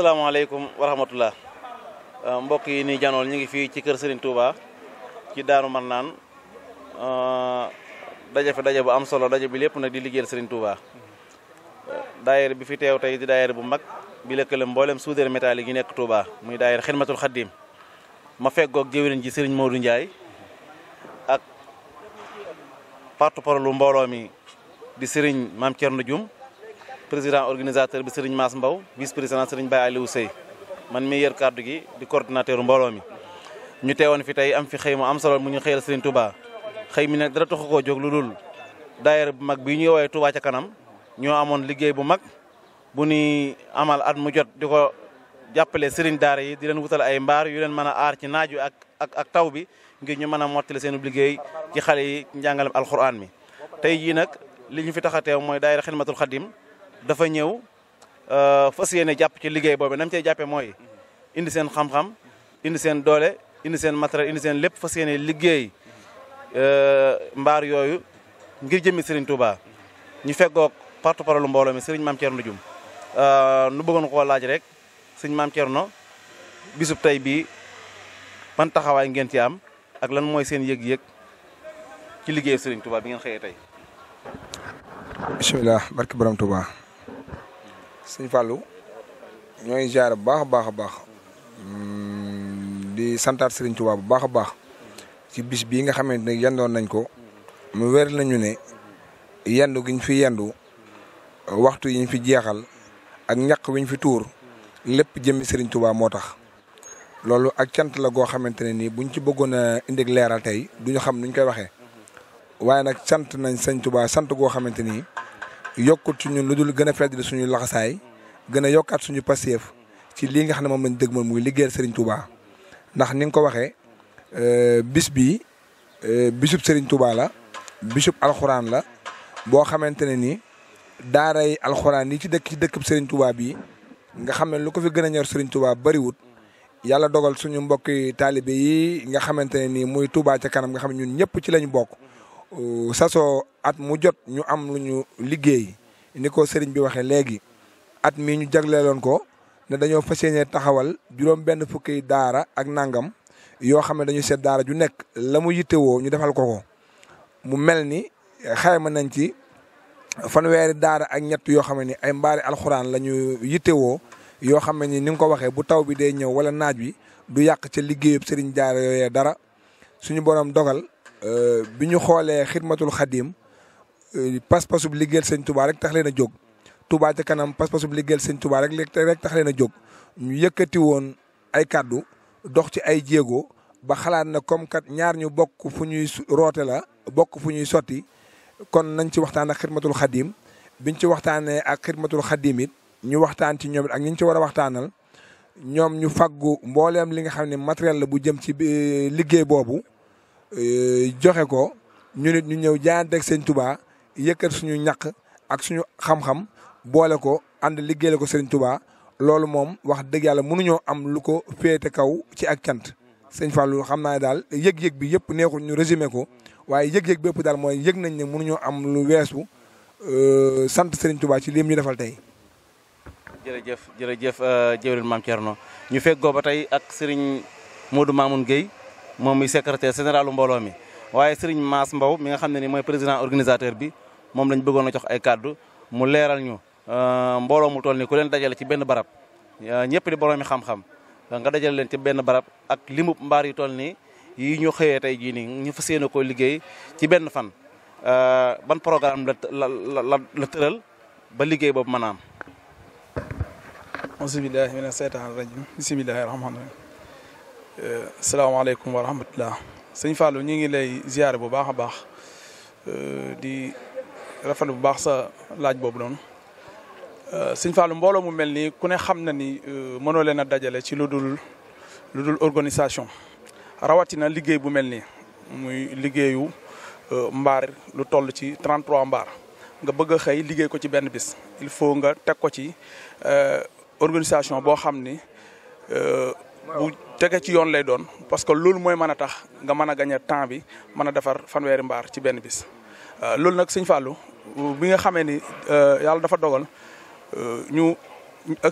asalaamaaleykum wa rahmatullah euh, mbokk yi nii janool ñu ngi fii ci kër Serigne Touba ci daanu Marnaan euh, daje fa daje bu am solo daje bi lépp nag di liggéeyal Serigne Touba. Euh, daayira bi fi teew tey di daayira bu mag bi lëkkale mboolem soudeur métallique yi nekk Touba muy daayira xidmatul xaddim ma feggoog jëwriñ ji Serigne Modou Ndiaye ak porte-parole lu mbooloo mi di Serigne Mame Thierno Dioum. président organisateur bi Serigne Mass Mbaw vice président Serigne Baye Aliou man mi yor kàddu gi di coordonnateur mbooloo mi ñu teewoon fi tey am fi xëy mu am solo mu ñu xëyal Serigne Touba xëy mi nag dara taxu koo jog lu dul daayira bu mag bii ñuy woowee Touba ca kanam ñoo amoon liggéey bu mag bu ni amal at mu jot di ko jàppale Serigne daara yi di leen wutal ay mbaar yu leen mën a aar ci naaj wi ak ak taw bi ngir ñu mën a mottali seen liggéey ci xale yi njàngalem alxuraan mi tey jii nag li ñu a teew mooy daayira dafa ñëw euh, fas yéene jàpp ci liggéey boobu nam cey jàppee mooy indi seen xam-xam indi seen doole indi seen matériel indi seen lépp fa yéene liggéey euh, mbaar yooyu ngir jëmmi Serigne Touba ñu feggoog porte-parole mbooloo mi Serigne Mame Thierno Dioum euh, nu bëggoon koo laaj rek Serigne Mame Thierno bisub tey bii ban taxawaay ngeen ci am ak lan mooy seen yëg-yëg ci liggéey Serigne Touba bi ngeen xëyee tey bismillah barke borom Touba sëñ Fallou ñooy jaar bu baax a baax a baax mm, di santaat Serigne Touba bu baax a baax ci bis bii nga xamante ne yendoon nañ ko mu wér nañu ne yendu giñ fi yendu waxtu yi ñu fi jeexal ak ñaq wi fi tuur lépp jëmmi Serigne Touba moo tax. loolu ak cant la goo xamante ne nii buñ ci bëggoon a indi leeral tey duñu xam nuñ koy waxee waaye nag sant nañ Serigne Touba sant goo xamante ni. yokkul ci ñun lu dul gën a fedd suñu laxasaay gën a yokkaat suñu pasteef ci lii nga xam ne moom lañ dëgmal muy liggéeyal Serigne Touba ndax ni nga ko waxee euh, bis bi euh, bisub Serigne Touba la bisub alxuraan la boo xamante ne ni daaray alxuraan yi ci dëkk ci dëkkub Serigne Touba bii nga xam ne lu ko fi gën a ñor sëriñ Touba bariwut yàlla dogal suñu mbokki taalibe yi nga xamante ne ni muy Touba ca kanam nga xam ne ñun ñëpp ci lañu bokk. Euh, sasoo at mu jot ñu am lu ñu liggéey ni ko sëriñ bi waxee léegi at mi ñu jagleeloon ko ne dañoo fas yéene taxawal juróom benn fukki daara ak nangam yoo xam ne dañu set daara ju nekk la mu yittewoo ñu defal ko ko mu mel ni xayma nañ ci fanweeri daara ak ñett yoo xam ni ay mbaari alxuraan la ñu yittewoo yoo xam ne ni ni nga ko waxee bu taw bi day ñëw wala naaj wi du yàq ca liggéeyub sëriñ jaar yooyee dara suñu borom dogal Euh, bi ñu xoolee xidmatul xadim euh, pas-pasub liggéeyal sëñ Touba rek tax leen a jóg Touba ca kanam pas-pasub liggéeyal sëñ Touba rek rek tax leen a jóg ñu yëkkati woon ay kàddu dox ci ay jéego ba xalaat na comme kat ñaar ñu bokk fu ñuy roote la bokk fu ñuy sotti kon nañ ci waxtaan ak xidmatul xadim biñ ci waxtaanee ak xidmatul xadim it ñu waxtaan ci ñoom ak ñi ñu ci war a waxtaanal ñoom ñu faggu mbooleem li nga xam ne matériel la bu jëm ci liggéey boobu Euh, joxe ko ñu nit ñu ñëw jaayanteeg sëñ Touba yëkkat suñu ñaq ak suñu xam-xam boole ko ànd liggéeyal ko sëñ Touba loolu moom wax dëgg yàlla mënuñoo am lu ko féete kaw ci ak cant. sëñ Fallou xam naa daal yëg-yëg bi yëpp neexul ñu résumé ko waaye yëg-yëg bépp daal mooy yëg nañ ne ñoo am lu weesu euh, sant sëriñ Touba ci lim ñu defal tey. jërëjëf jërëjëf euh, jëwrin Maam no ñu feggoo ba tey ak sëriñ moodu Mamoun Guèye moom mi secrétaire sénéralu u mbooloo mi waaye Serigne maas Mbow mi nga xam ne ni mooy président organisateur bi moom lañ bëggoon jox ay kàddu mu leeral ñu euh, mbooloo mu toll ni ku leen dajale ci benn barab euh, ñëpp di boroomi xam-xam nga leen ci benn barab ak limu mbaar yu toll nii yi ñu xëyee tey jii nii ñu fas yéene koo liggéey ci benn fan euh, ban programme la la la tëral ba liggéey boobu mën a am. auzu billahi mina seytaani rajim Euh, salaamaaleykum wa rahmatulah sëñ Fallou ñu ngi lay ziare bu baax a baax euh, di rafetlu bu baax sa laaj boobu noonu euh, sëñ Fallou mbooloo mu mel ni ku ne xam na ni mënoo leen a dajale ci lu dul lu dul organisation rawatina liggéey bu mel ni muy liggéeyu mbaar lu toll ci 33 mbaar nga bëgg xëy liggéey ko ci benn bis il faut nga teg ko ci organisation boo xam ni. bu tege ci yoon lay doon parce que loolu mooy mën a tax nga mën a gañ a temps bi mën a defar fanweeri mbaar ci benn bis. Euh, loolu nag sëñ Fallou bi nga xamee ni euh, yàlla dafa dogal euh, ñu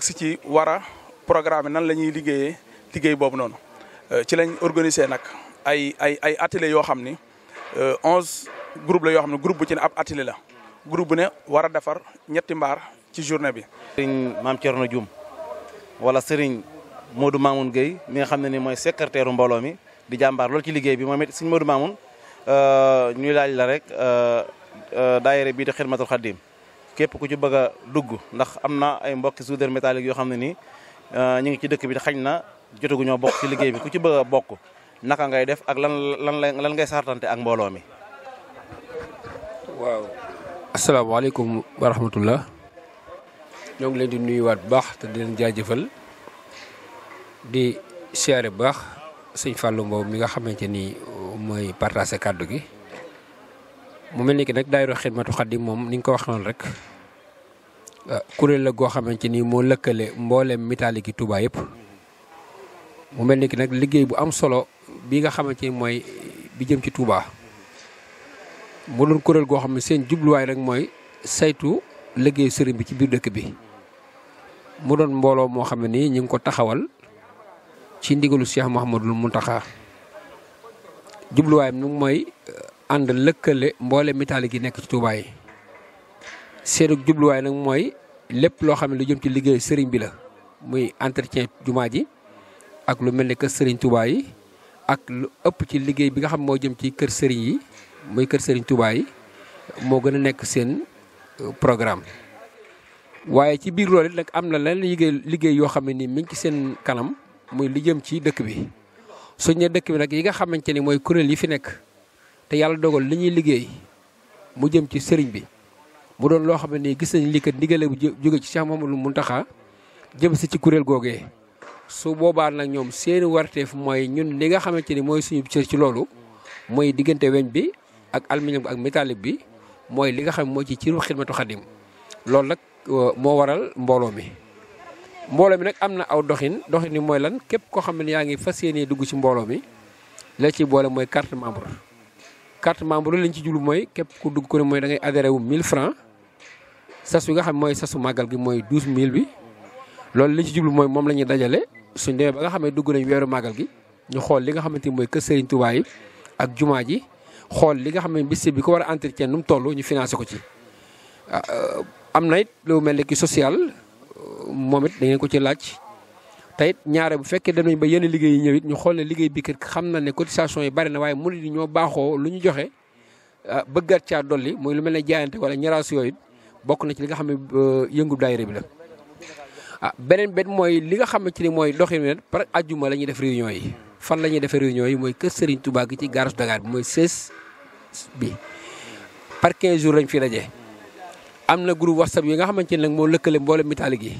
si ci war a programme nan la ñuy liggéeyee liggéey boobu noonu ci lañ organiser nag ay ay ay ateliers yoo xam ni onze groupe la yoo xam ne groupe bu ci ne ab atelier la groupe ne war a defar ñetti mbaar ci journée bi. sëriñ maam Thierno Dioum wala sëriñ. Modou Mamoun Gueye mi xam ne ni mooy secrétaire mbooloo mi di jàmbaar loolu ci liggéey bi moom it sëñ Modou Mamoun euh, ñuy laaj la rek euh, euh, daayira bii di xidmatul xaddim képp ku ci bëgg a dugg ndax am na ay mbokki soudeur métallique yoo xam ne nii ñu ngi ci dëkk bi te xañ na jotaguñoo bokk ci liggéey bi ku ci bëgg bokk naka ngay def ak lan lan lan ngay sartante ak mbooloo mi. waaw asalaamaaleykum wa rahmatullah ñoo ngi leen di nuyuwaat bu baax te di jaajëfal. di siyaare bu baax sëñ fàllu Mbow mi nga xamante nii mooy partagé kàddu gi mu mel ni ki nag daayira Xidmatu Xaadim moom ni nga ko wax noonu rek kuréel la goo xamante ni moo lëkkale mbooleem mitaali gi Touba yëpp mel ni ki nag liggéey bu am solo bi nga xamante ni mooy bi jëm ci Touba mu doon kuréel goo xam ne seen jubluwaay rek mooy saytu liggéeyu sëriñ bi ci biir dëkk bi mu doon mbooloo moo xam nii ñu ngi ko taxawal ci ndigalu Cheikh Mouhamadul Mountakha jubluwaayam nu mooy uh, ànd lëkkale mboole mitaali gi nekk ci Touba yi jubluwaay nag mooy lépp loo xam ne lu jëm ci liggéey sëriñ bi la muy entretien jumaa ji ak lu mel ni kër sëriñ Touba ak lu ci liggéey bi nga xam moo jëm ci kër sëriñ yi muy kër sëriñ moo gën a nekk seen uh, programme. waaye ci biir loolu nag am na leneen liggéey liggéey yoo xam ne nii mi ngi seen kanam. muy lu jëm ci dëkk bi suñ ne dëkk bi nag yi nga xamante ni mooy kuréel yi fi nekk te yàlla dogal li ñuy liggéey mu jëm ci sëriñ bi mu doon loo xam ne nii gis nañ li kat ndigale bu jóge ci Cheikh Mamadou Mountakha jëm si ci kuréel googe su boobaa nag ñoom seeni warteef mooy ñun li nga xamante ni mooy suñu cër ci loolu mooy diggante weñ bi ak aluminium ak métallique bi mooy li nga xam mooy ci ci xidmatu xadim loolu nag euh, moo waral mbooloo mi mbooloo mi nag am na aw doxin doxin yi mooy lan képp koo xam ne yaa ngi fas yéenee dugg ci mbooloo mi la ci boole mooy carte membre. carte membre li ñu ci jublu mooy képp ku dugg ko ne mooy dangay ngay adhéré wu 1000 francs sas wi nga xam mooy sasu màggal gi mooy mille bi loolu li ci jublu mooy moom la ñuy dajale suñ demee ba nga xam ne dugg nañ weeru màggal gi ñu xool li nga xamante ni mooy kër Serigne ak jumaa ji xool li nga xam ne bis bi ko war entretien nu mu toll ñu financé ko ci ah, euh, am na it lu mel ni ki social. moom it dangeen ko ci laaj te ñaare bu fekkee dem nañ ba yenn liggéey yi ñu xool ne liggéey bi kat xam na ne cotisation yi bari na mu murid yi ñoo baaxoo lu ñu joxe ah, bëggaat caa dolli muy lu mel ne jaayante wala ñaraas yooyu bokk na ci li nga xam ne euh, yëngu daayira bi la. ah beneen benn mooy li nga xam ne ci li mooy doxin wi par ajjuma la ñuy def réunion yi fan la ñuy defee réunion yi mooy kër Serigne Touba gi ci garage Dakar bi mooy CES bi par 15 jours lañ fi daje. am na groupe whatsapp yi nga xamante ne nag moo lëkkale mboolem mitaalik yi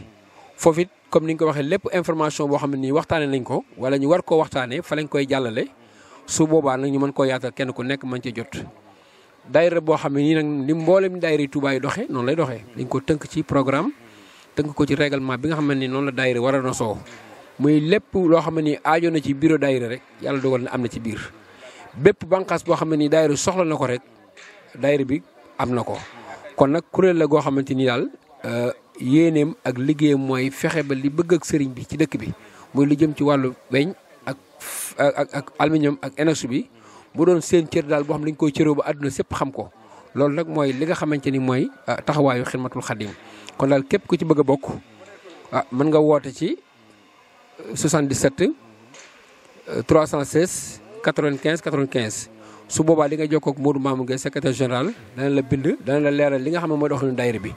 foofu it comme ni nga ko waxee lépp information boo xam nii waxtaane nañ ko wala ñu war koo waxtaanee fa lañ koy jàllale su boobaa nag ñu mën koo yaatal kenn ku nekk mën ci jot daayira boo xam ne nii nag ni mboolem daayira yi Touba yi doxee noonu lay doxee dañ ko tënk ci programme la daayira war a nosoo muy lépp loo xam ne nii aajo na ci bureau daayira rek yàlla dogal na am na ci biir bépp bànqaas boo xam nii daayira soxla na ko rek daayira bi am na ko kon nag kuréel la goo xamante ni daal euh, yéeneem ak liggéeyam mooy fexe ba li bëgg ak sëriñ bi ci dëkk bi muy lu jëm ci wàllu weñ ak ak ak aluminium ak inox bi mu doon seen cër daal boo xam dañ koy cëroo àdduna sépp xam ko loolu nag mooy li nga xamante ni mooy ah, taxawaayu xidmatul xadim kon daal képp ku ci bëgg a bokk ah mën nga woote ci 77 316 95 95 su boobaa li nga jokkoo ak Modou Mamour Gueye secrétaire général dana la bind dana la leeral li nga xam ne mooy doxalinu daayira bi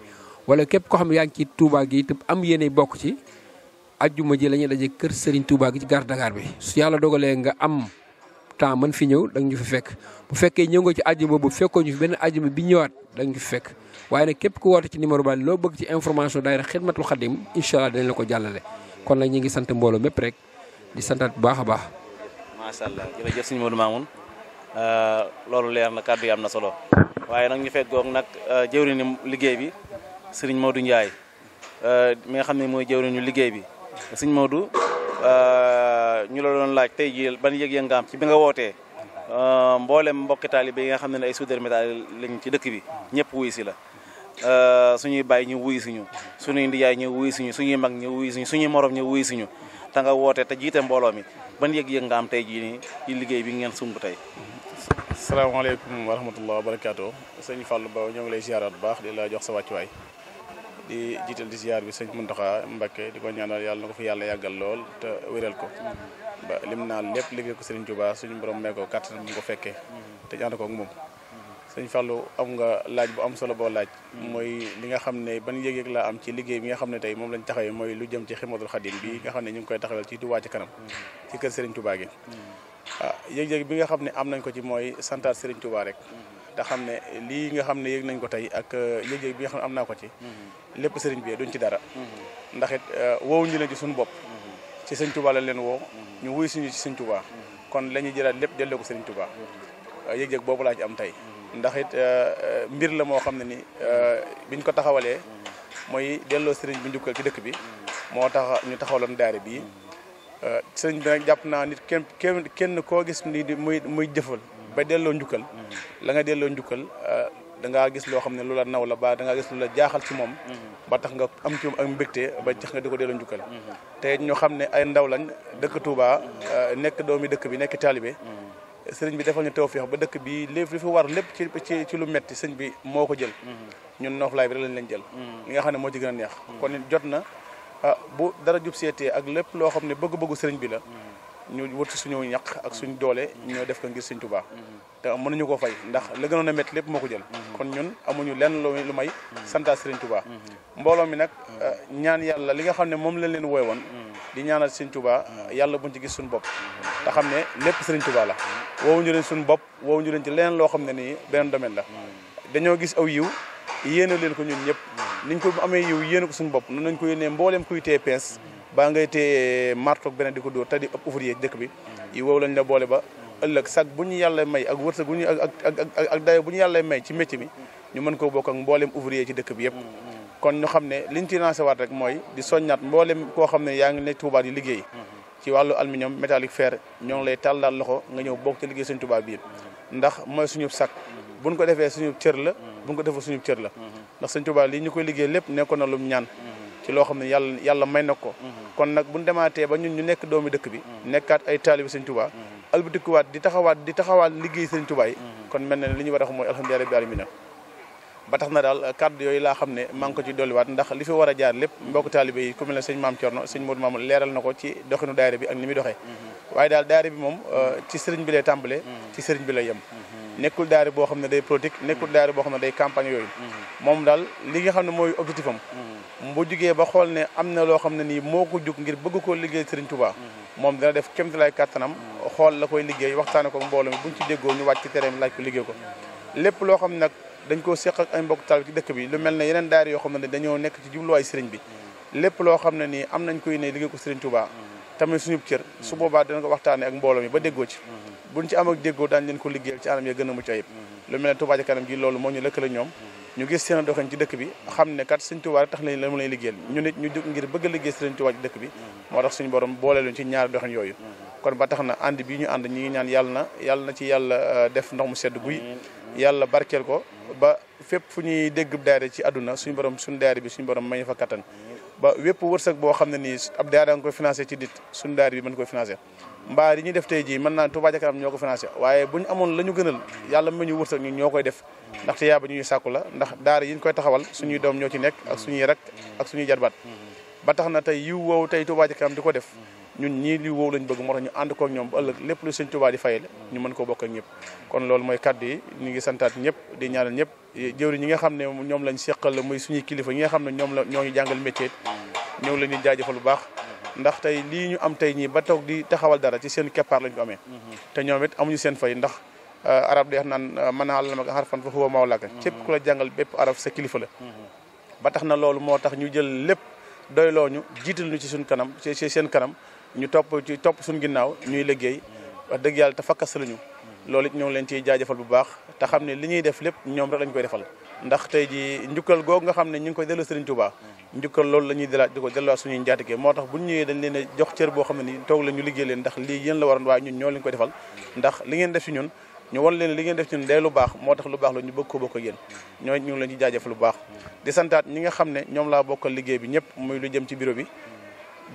wala képp koo xam ne yaa ngi ci Touba gi te am yéene bokk ci ajjuma ji la ñuy daje kër Serigne Touba gi ci gare Dakar bi su yàlla dogalee nga am temps mën fi ñëw danga ñu fi fekk bu fekkee ñëw nga ci ajjuma bu fekkoo ñu fi benn ajjuma bi ñëwaat danga ñu fi fekk waaye nag képp ku woote ci numéro ba loo bëgg ci information daayira Xidmatul Xadim incha allah dinañ la ko jàllale kon nag ñu ngi sant mbooloo mépp rek di santaat bu baax a baax. macha allah jërëjëf sëñ Modou Mamoun euh, loolu leer na kàddu am na solo waaye nag ñu fekkoog nag euh, jëwriñu liggéey bi sëriñ Modou Ndiaye euh, mi nga xam ne mooy jëwriñu liggéey bi sëriñ Modou euh, ñu la doon laaj tey jii ban yëg-yëg nga ci bi nga wootee euh, mboolem mbokki taalibe nga xam ne ay soudeur métal lañ ci dëkk bi ñëpp wuy si la suñuy bàyyi ñu wuy suñu suñuy ndiyaay ñu wuy suñu suñuy mag ñu wuy suñu suñuy morom ñu wuy suñu te nga woote te jiite mbooloo mi ban yëg-yëg nga am tey jii nii ci liggéey bi ngeen sumb tey asalaamaaleykum wa rahmatullah wa barakaatu sëñ Fallou Ba ñoo ngi lay ziaraat bu baax de la jox sa wàccuwaay di jiital di ziar bi sëñ Muntaxa Mbakke di ko ñaanal yàlla na ko fi yàlla yàggal lool te wéral ko ba lim naan lépp liggéey ko sëriñ Tuubaa suñu borom mee ko kàttan mu ko fekkee te ñaan moom sëñ Fallou am nga laaj bu am solo boo laaj mooy li nga xam ne ban yëg-yëg laa am ci liggéey bi nga xam ne tey moom lañ taxawee mooy lu jëm ci Xidmatul Xaadim bi nga xam ne ñu ngi koy taxawal ci Tuubaa ci kanam ci kër sëriñ Tuubaa gi mm-hmm. ah yëg-yëg bi nga xam ne am nañ ko ci mooy santaat sëriñ Tuubaa rek te xam ne lii nga xam ne yëg nañ ko tey ak euh, yëg-yëg bi nga xam ne am naa ko ci mm-hmm. lépp sëriñ bi duñ ci dara mm-hmm. ndax it euh, woowuñu leen ci suñu bopp mm-hmm. ci sëñ Tuubaa la leen woo ñu wuy suñu ci sëñ Tuubaa kon lañuy ñuy jëlaat lépp delloo ko sëriñ Tuubaa euh, yëg-yëg boobu laa am tey ndax it mbir la moo xam ne ni biñ ko taxawalee mooy delloo sëriñ bi njukkal ci dëkk bi moo tax ñu taxawaloon daare bii sëriñ bi nag jàpp naa nit kenn kenn koo gis ni muy muy jëfal ba delloo njukkal mm-hmm. la nga delloo njukkal ah, da ngaa gis loo xam ne lu la naw la ba da ngaa gis lu la jaaxal ci moom mm-hmm. ba tax nga am ci ak mbégte ba tax nga di ko delloo njukkal mm-hmm. te ñoo xam ne ay ndaw lañ dëkk Touba ah, nekk doomi dëkk bi nekk taalibe sëriñ bi defal ñu tawfeex ba dëkk bi lépp li fi war ci ci lu metti sëñ bi moo ko jël ñun Noflaay bi rek lañ leen jël nga xam ne moo ci gën a neex jot na ah, bu dara jub seetee ak lépp loo xam ne bëgg-bëggu sëriñ bi la ñu wër ci suñu ñaq ak suñu doole ñoo def ko ngir Sëñ Tuubaa te mënuñu koo fay ndax la gënoon a lépp moo ko jël kon ñun amuñu lenn lu may santaa Sëriñ Tuubaa mbooloo mi nag eh, ñaan yàlla li nga xam ne moom lañ leen wooy woon di ñaanal Sëñ Tuubaa yàlla buñ ci gis suñu bopp te xam ne lépp Sëriñ Tuubaa la woowuñu leen suñu bopp woowuñu leen ci leneen loo xam ne nii beneen domaine la dañoo gis aw yiw yéene leen ko ñun ñëpp niñ ko amee yiw yéene ko suñu bopp noonu lañ ko yéenee mbooleem kuy tee pees baa ngay téye martoog beneen di ko dóor te di ëpp dëkk bi mm. yi wow lañ la boole ba mm. ëllëg sag bu ñu yàlla may ak wërsëg bu ñu ak ak ak bu ñu yàlla may ci métier mi ñu man ko bokk ak mbooleem ouvrier ci dëkk bi yëpp mm, kon ñu xam ne liñ ci lancé waat rek mooy di soññaat mbooleem koo xam ne yaa ngi ne Touba di liggéey ci wàllu aluminium métallique fer ñoo ngi lay tàllal loxo nga ñëw bokk ci liggéey Sëñ Touba bi ndax mooy suñu sac buñ ko defee suñu cër la buñ ko defee suñu cër la ndax Sëñ Touba lii ñu koy liggéey lépp nekkoon na lum ci loo xam ne yàlla yàlla may na ko mhm. kon nag buñ demaatee ba ñun ñu nekk doomi dëkk bi mhm. nekkaat ay taalibi sëñ Tuubaa mhm. albutikuwaat di taxawaat di taxawaat liggéey sëñ Tuubaa yi kon mel na ne li ñu war a wax mooy alhamdulilah rabbil alamin ba tax na laa xam ne maa ngi ko ci dolliwaat ndax li fi war a jaar lépp mbokk taalibe yi ku mel ne sëñ maam Thierno sëñ Modou Mamoul leeral na bi ak ni muy doxee waaye daal daayira bi moom euh, ci sëriñ bi lay tàmbale ci sëriñ bi lay yem nekkul daayira boo xam ne day politique nekkul daayira boo xam ne day campagne yooyu moom daal li nga xam ne mooy objectif am bu jugee ba xool ne am na loo xam ne nii moo ko jug ngir bëgg koo liggéey Serigne Touba. moom dana def kéemtalaay kàttanam. xool la koy liggéey waxtaane ko mbooloo mi buñ ci déggoo ci terrain bi laaj ko liggéey ko. loo xam ne nag dañ koo seq ak ay mbokk taal ci dëkk bi lu mel ne yeneen daara yoo xam ne dañoo nekk ci jubluwaay Serigne bi. lépp loo xam ne nii am nañ koy ne liggéey ko Serigne Touba. tamit suñu cër su boobaa dina ko waxtaane ak mbooloo mi ba déggoo ci. buñ ci am ak déggoo daañu leen ko liggéeyal ci anam ya gën a mucc ayib. lu mel ne Touba ca kanam gi loolu moo ñu lëkkale ñoom ñu gis seen doxin ci dëkk bi xam ne kat Sëriñ Tuubaa tax nañ la mu lay liggéeyal ñu nit ñu jóg ngir bëgg a liggéey Sëriñ Tuubaa ci dëkk bi moo tax suñu borom boole luñ ci ñaari doxin yooyu kon ba tax na ànd bi ñu ànd ñi ngi ñaan yàlla na yàlla na ci yàlla euh, def ndox mu sedd guy yàlla barkeel ko ba fépp fu ñuy dégg daaree ci àdduna suñu borom suñu daayira bi suñu borom may fa kattan ba wépp wërsëg boo xam ne nii ab daayira nga koy financé ci dit suñu daayira bi mën koy financé mbaa yi ñuy def tey jii mën naa Touba ca kanam ñoo ko financé waaye bu ñu amoon la ñu gënal yàlla mu ñu wërsëg ñun ñoo koy def ndax te yaaba ñuy sàkku la ndax daara yi ñu koy taxawal suñuy doom ñoo ci nekk ak suñuy rak ak suñuy ba tax na tey yiw woowu tey Touba ca di ko def ñun ñii li lañ bëgg moo ñu ànd kook ñoom ba lépp lu sëñ Touba di fayale ñu mën koo bokk ak ñëpp loolu mooy kaddu yi ngi santaat ñëpp di ñaanal ñëpp jëwri ñi nga xam ne ñoom lañ seqal muy suñuy kilifa ñi nga xam ne ñoom la ñoo ñu jàngal métier ñoo la ñuy jaajëfal bu baax ndax tey lii ñu am tey ñii ba toog di taxawal dara ci seen keppaar lañ ko amee mhm. te ñoom it amuñu seen fay ndax euh, arab day wax naan mën naa la ma xar fan fa huwa mawlaaka mhm. képp ku la jàngal bépp arab sa kilifa la mhm. ba tax na loolu moo tax ñu jël lépp doyloo ñu jiital ñu ci suñ kanam ci seen kanam ñu topp ci topp suñ ginnaaw ñuy liggéey wax dëgg yàlla te fakkas lañu loolu it ñoo leen ciy jaajëfal bu baax te xam ne li ñuy def lépp ñoom rek lañu koy defal ndax tey ji njukkal googu nga xam ne ñu ngi koy delloo Serigne Touba njukkal loolu la ñuy delaat ko delloo suñuy njaatige moo tax bu ñu dañ leen a jox cër boo xam ne ni toog la ñu liggéey leen ndax lii yéen la waroon waaye ñun ñoo leen koy defal ndax li ngeen def ci ñun ñu wan leen li ngeen def ci ñun day lu baax moo tax lu baax la ñu bëgg ko bokk ak yéen ñoo ñu ngi leen ci jaajëf lu baax di ñi nga xam ne ñoom laa bokkal liggéey bi ñëpp muy lu jëm ci bureau bi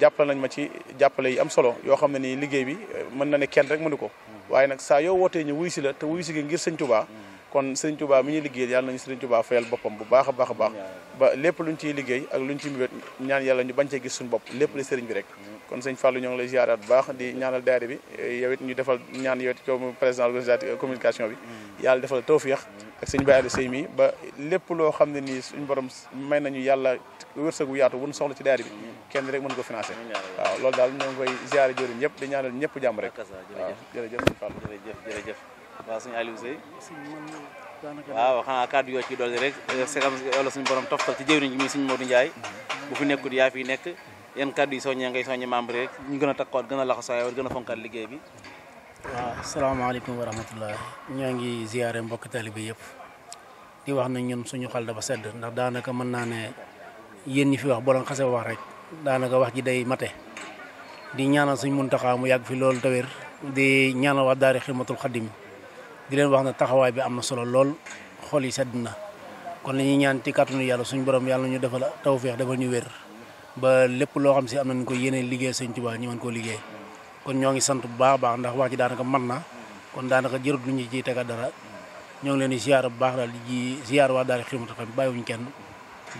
jàppale nañ ma ci jàppale yi am solo yoo xam ne nii liggéey bi mën na ne kenn rek mënu ko waaye nag saa yoo wootee ñu wuy si la te wuy si ngir Sëñ Touba kon Serigne Touba mu ñuy liggéey yàlla nañu Serigne Touba fayal boppam bu baax a baax a baax ba lépp luñ ciy liggéey ak luñ ci mbébét ñaan yàlla ñu bañ cee gis suñu bopp lépp li Serigne bi rek kon sëñ Fallou ñoo ngi lay ziaraat bu baax di ñaanal daayira bi yow it ñu defal ñaan yow it comme président organisateur communication bi mm. yàlla defal tawfeex ak sëñ Baye Aliou Seye mi ba lépp loo xam ne nii suñu borom may nañu yàlla wërsëgu yaatu bu ñu soxla ci daayira bi mm. kenn rek mën ko financé waaw loolu daal ñoo ngi koy ziare ñëpp di ñaanal ñëpp waaw suñu Aliou Seye waaw xanaa kàddu yoo ci dolli rek eh, segam yàlla suñu borom toftal ci jëwriñ mi suñu Modou Ndiaye bu fi nekkul yaa fi nekk yan kàddu yi soññee ngay soññee membre rek ñu gën a takkoot gën a laxasooyoo gën a fonkaat liggéey bi waaw wa rahmatullah ñoo ngi ziyaare mbokk taalibe yëpp di wax na ñun suñu xol dafa sedd ndax daanaka mën naa ne yéen ñi fi wax boloon xase wax rek daanaka wax ji day mate di ñaanal suñ Muntaxa mu yàgg fi loolu tawér di ñaanal wax daari Xidmatul Xadim di leen wax na taxawaay bi am na solo lool xool yi sedd na kon la ñuy ñaan ci kàttanu yàlla suñu borom yàlla ñu defal tawféex defal ñu wér ba lépp loo xam si am nañ ko yéene liggéey sëñ Tuubaa ñu mën koo liggéey kon ñoo ngi sant bu baax baax ndax wax ji daanaka mën na kon daanaka jërut lu ñu ciy tegaat dara ñoo ngi leen di ziar bu baax daal di ji ziar waa daal xidmatul xidma bàyyiwuñu kenn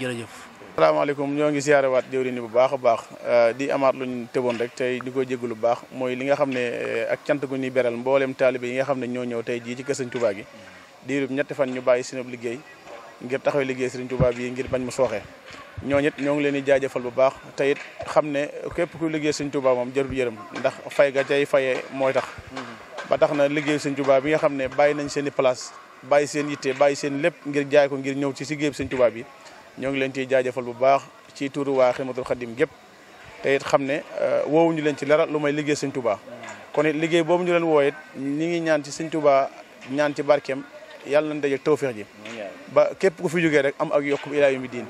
jërëjëf salaamaaleykum ñoo ngi waat siyaarewaat jëwriñ bu baax a baax euh, di amaat luñ tëboon rek tey di ko jéggu lu baax mooy li nga xam ne euh, ak cant gu ñuy beral mbooleem taalibe yi nga xam ne ñoo ñëw tey jii ci ko Sëñ Tuubaa gi diirub ñetti fan ñu bàyyi sinub liggéey ngir taxaw liggéey Sëñ Tuubaa bi ngir bañ mu sooxee ñooñu it ñoo ngi leen di jaajëfal bu baax te xam ne képp ku liggéey Sëñ Tuubaa moom jarul yërëm ndax fay ga cay fayee mooy tax mm-hmm. ba tax na liggéey Sëñ Tuubaa bi nga xam ne bàyyi nañ seen i place bàyyi seen yitte bàyyi seen lépp ngir jaay ko ngir ñëw ci liggéey Sëñ Tuubaa bi ñoo ngi leen ciy jaajëfal bu baax ci tuuru waa Xidmatul Xadim gépp te it xam ne euh, woowuñu leen ci dara lu may liggéey sëñ Touba kon it liggéey boobu ñu leen woo it ñi ngi ñaan ci sëñ Touba ñaan ci barkeem yàlla nañ daje tawféex ji ba képp ku fi jógee rek am ak yokku ilaa yu mi diin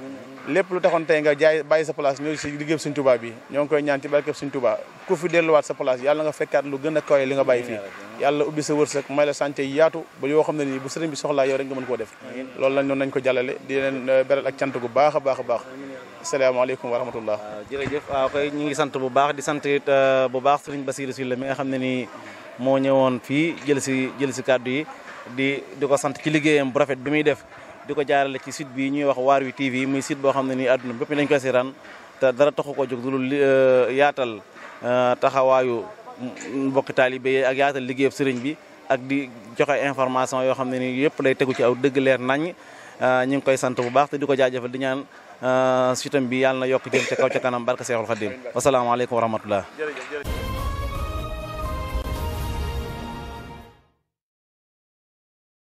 lépp lu taxoon tey nga jaay bàyyi sa place ñoo si liggéey sëñ Touba bi ñoo ngi koy ñaan ci barkeem sëñ Touba ku fi delluwaat sa place yàlla nga fekkaat lu gën a kawe li nga bàyyi fii yàlla ubbi sa wërsëg may la santé yi yaatu ba xam ne nii bu sëriñ bi soxlaa yow rek nga mën koo def loolu lañ noonu nañ ko jàllale di leen euh, beral ak cant gu baax a baax a baax asalaamaaleykum wa rahmatullah jërëjëf waaw ah, ñu ngi sant bu baax di sant it euh, bu baax sëriñ Basiru Sylla mi nga xam ne nii moo ñëwoon fii jël si jël si kàddu yi di di ko sant ci liggéeyam bu rafet bi muy def di ko jaarale ci site bi ñuy wax waar wi TV muy site boo xam ne nii àdduna bépp dañ koy seetaan te dara taxu ko jóg dul euh, yaatal Euh, taxawaayu mbokki taalibe yi ak yaatal liggéeyub sëriñ bi ak di joxe information yoo xam ne ni yëpp lay tegu ci aw dëgg leer nañ euh, ñu ngi koy sant bu baax te di ko jaajëfal di ñaan euh, sitam bi yàlla na yokk jëm ca kaw kanam barka Seexul Xadim wasalaamaaleykum wa rahmatullah